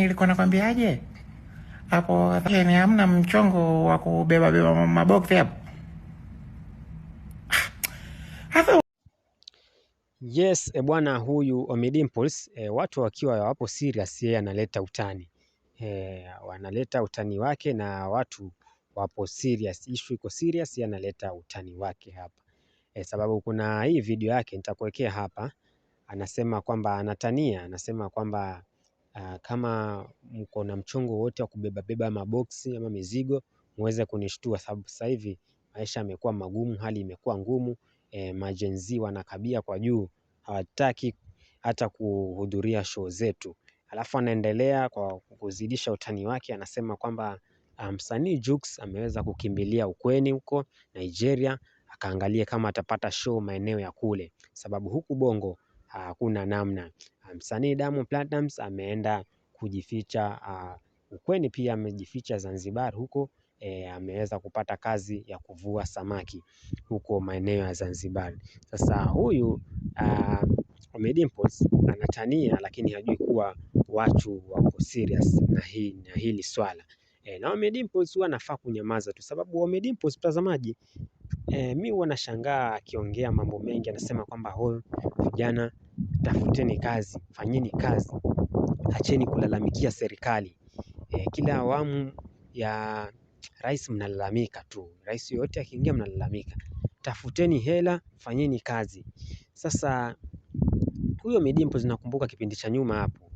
nilikuwa nakwambiaje hapo, hamna mchongo wa kubeba beba maboksi hapo. Yes, e bwana huyu Ommy Dimpoz e, eh, watu wakiwa wapo serious yeye analeta utani e, wanaleta utani wake na watu wapo serious, issue iko serious, yeye analeta utani wake hapa e, sababu kuna hii video yake nitakuwekea hapa, anasema kwamba anatania, anasema kwamba Ah, kama mko na mchongo wote wa kubebabeba maboksi ama mizigo muweze kunishtua sababu sasa hivi maisha yamekuwa magumu, hali imekuwa ngumu, E, majenzi wanakabia kwa juu hawataki hata kuhudhuria show zetu. Alafu anaendelea kwa kuzidisha utani wake anasema kwamba ah, msanii Jux ameweza kukimbilia ukweni huko Nigeria akaangalia kama atapata show maeneo ya kule sababu huku bongo hakuna namna. Ah, msanii Diamond Platnumz ameenda kujificha ah, ukweni, pia amejificha Zanzibar huko e, ameweza kupata kazi ya kuvua samaki huko maeneo ya Zanzibar. Sasa huyu ah, Ommy Dimpoz anatania, lakini hajui kuwa watu wako serious na hii na hili swala e, na Ommy Dimpoz huwa anafaa kunyamaza tu, sababu Ommy Dimpoz mtazamaji e, mi huwa nashangaa akiongea mambo mengi, anasema kwamba huyu vijana Tafuteni kazi, fanyeni kazi, acheni kulalamikia serikali. Eh, kila awamu ya rais mnalalamika tu, rais yoyote akiingia mnalalamika. Tafuteni hela, fanyeni kazi. Sasa huyo Midimpo zinakumbuka kipindi cha nyuma hapo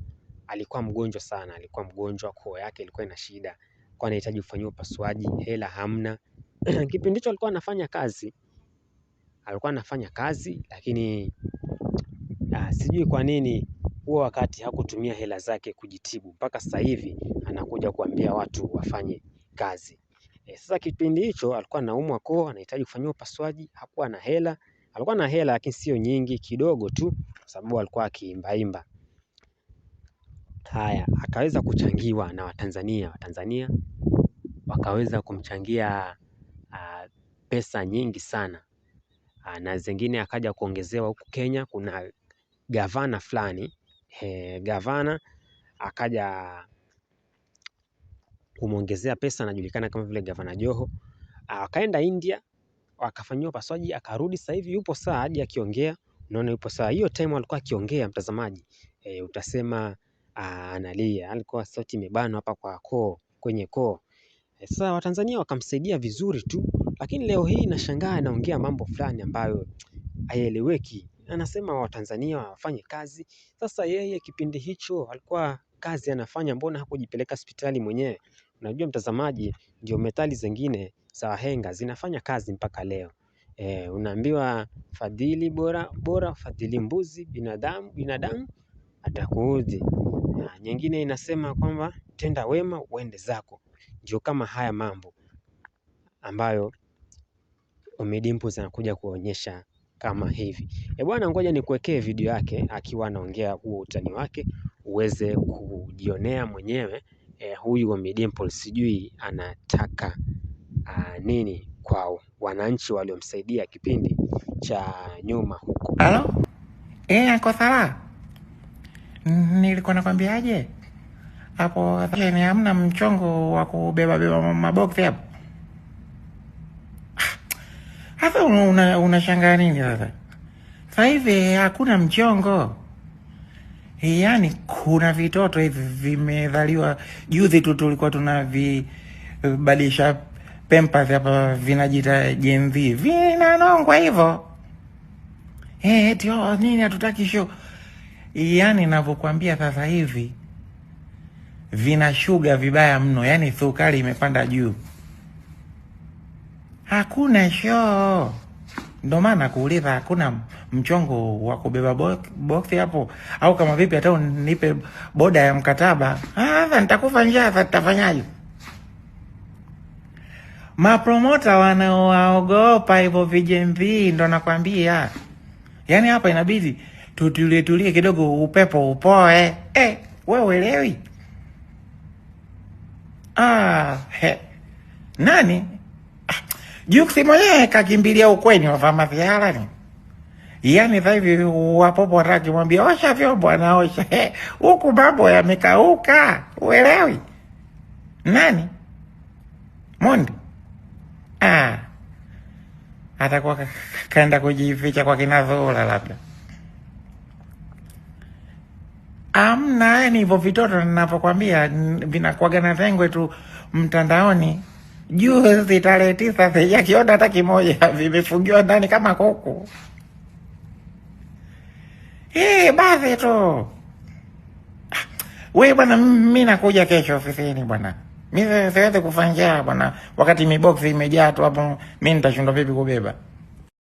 alikuwa mgonjwa sana, alikuwa mgonjwa, koo yake ilikuwa ina shida, kwa anahitaji kufanyiwa upasuaji, hela hamna. Kipindi hicho alikuwa anafanya kazi, alikuwa anafanya kazi lakini sijui kwa nini huo wakati hakutumia hela zake kujitibu, mpaka sasa hivi anakuja kuambia watu wafanye kazi. E, sasa kipindi hicho alikuwa anaumwa koo, anahitaji kufanyiwa upasuaji, hakuwa na hela. Alikuwa na hela lakini sio nyingi, kidogo tu, kwa sababu alikuwa akiimbaimba. Haya, akaweza kuchangiwa na Watanzania. Watanzania wakaweza kumchangia a, ah, pesa nyingi sana a, ah, na zingine akaja kuongezewa huku Kenya. Kuna gavana fulani, gavana akaja kumwongezea pesa, anajulikana kama vile gavana Joho. Akaenda India akafanyiwa upasuaji, akarudi sasa hivi yupo saa hadi akiongea unaona yupo saa Hiyo time alikuwa akiongea, mtazamaji e, utasema analia, alikuwa sauti imebanwa hapa kwa koo, kwenye koo e. Sasa Watanzania wakamsaidia vizuri tu, lakini leo hii nashangaa anaongea mambo fulani ambayo haieleweki anasema Watanzania wafanye kazi. Sasa yeye kipindi hicho alikuwa kazi anafanya, mbona hakujipeleka hospitali mwenyewe? Unajua mtazamaji, ndio methali zingine za wahenga zinafanya kazi mpaka leo. E, unaambiwa fadhili bora bora, fadhili mbuzi, binadamu binadamu atakuudhi. Na nyingine inasema kwamba tenda wema uende zako. Ndio kama haya mambo ambayo Omy Dimpoz anakuja kuonyesha kama hivi. E bwana ngoja nikuwekee video yake akiwa anaongea huo utani wake uweze kujionea mwenyewe e, huyu Ommy Dimple sijui anataka nini kwa wananchi waliomsaidia kipindi cha nyuma huko. Halo? Eh, Anko Sala. Nilikuwa nakwambiaje? Hapo ni yaani hamna mchongo wa kubeba beba maboksi hapo. Hata unashangaa una nini sasa? Sasa hivi eh, hakuna mchongo, yaani kuna vitoto hivi vimedhaliwa juzi tu, tulikuwa tunavibadilisha pempas hapa, vinajita jenzi vinanongwa hivyo eh, eti oh, nini hatutaki show. Yaani navyokwambia sasa hivi vina shuga vibaya mno, yaani sukari imepanda juu hakuna shoo Ndo maana kuuliza hakuna mchongo wa kubeba boksi hapo, au kama vipi, hata unipe boda ya mkataba. Sasa nitakufa njaa, sasa tutafanyaje? Mapromota wanaowaogopa hivyo vijemvi, ndo nakwambia. Yaani hapa inabidi tutulie tulie kidogo, upepo upoe. Eh, we uelewi? Ah, he. Nani Juksi mwenyewe kakimbilia ukweni wa vyama vya Halali. Yaani sasa hivi wapopo osha vyombo anaosha. Huku mambo yamekauka. Uelewi? Nani? Mondi. Ah. Atakuwa kaenda kujificha kwa kina labda. Amna, yani hivyo vitoto ninavyokwambia vinakuaga na vengwe tu mtandaoni. Juzi tarehe tisa, sijakiona hata kimoja, vimefungiwa ndani kama kuku. Hey, eh, basi tu ah, we bwana, mi nakuja kesho ofisini bwana, mi siwezi kufanya bwana, wakati mi boksi imejaa tu hapo, mi nitashindwa vipi kubeba?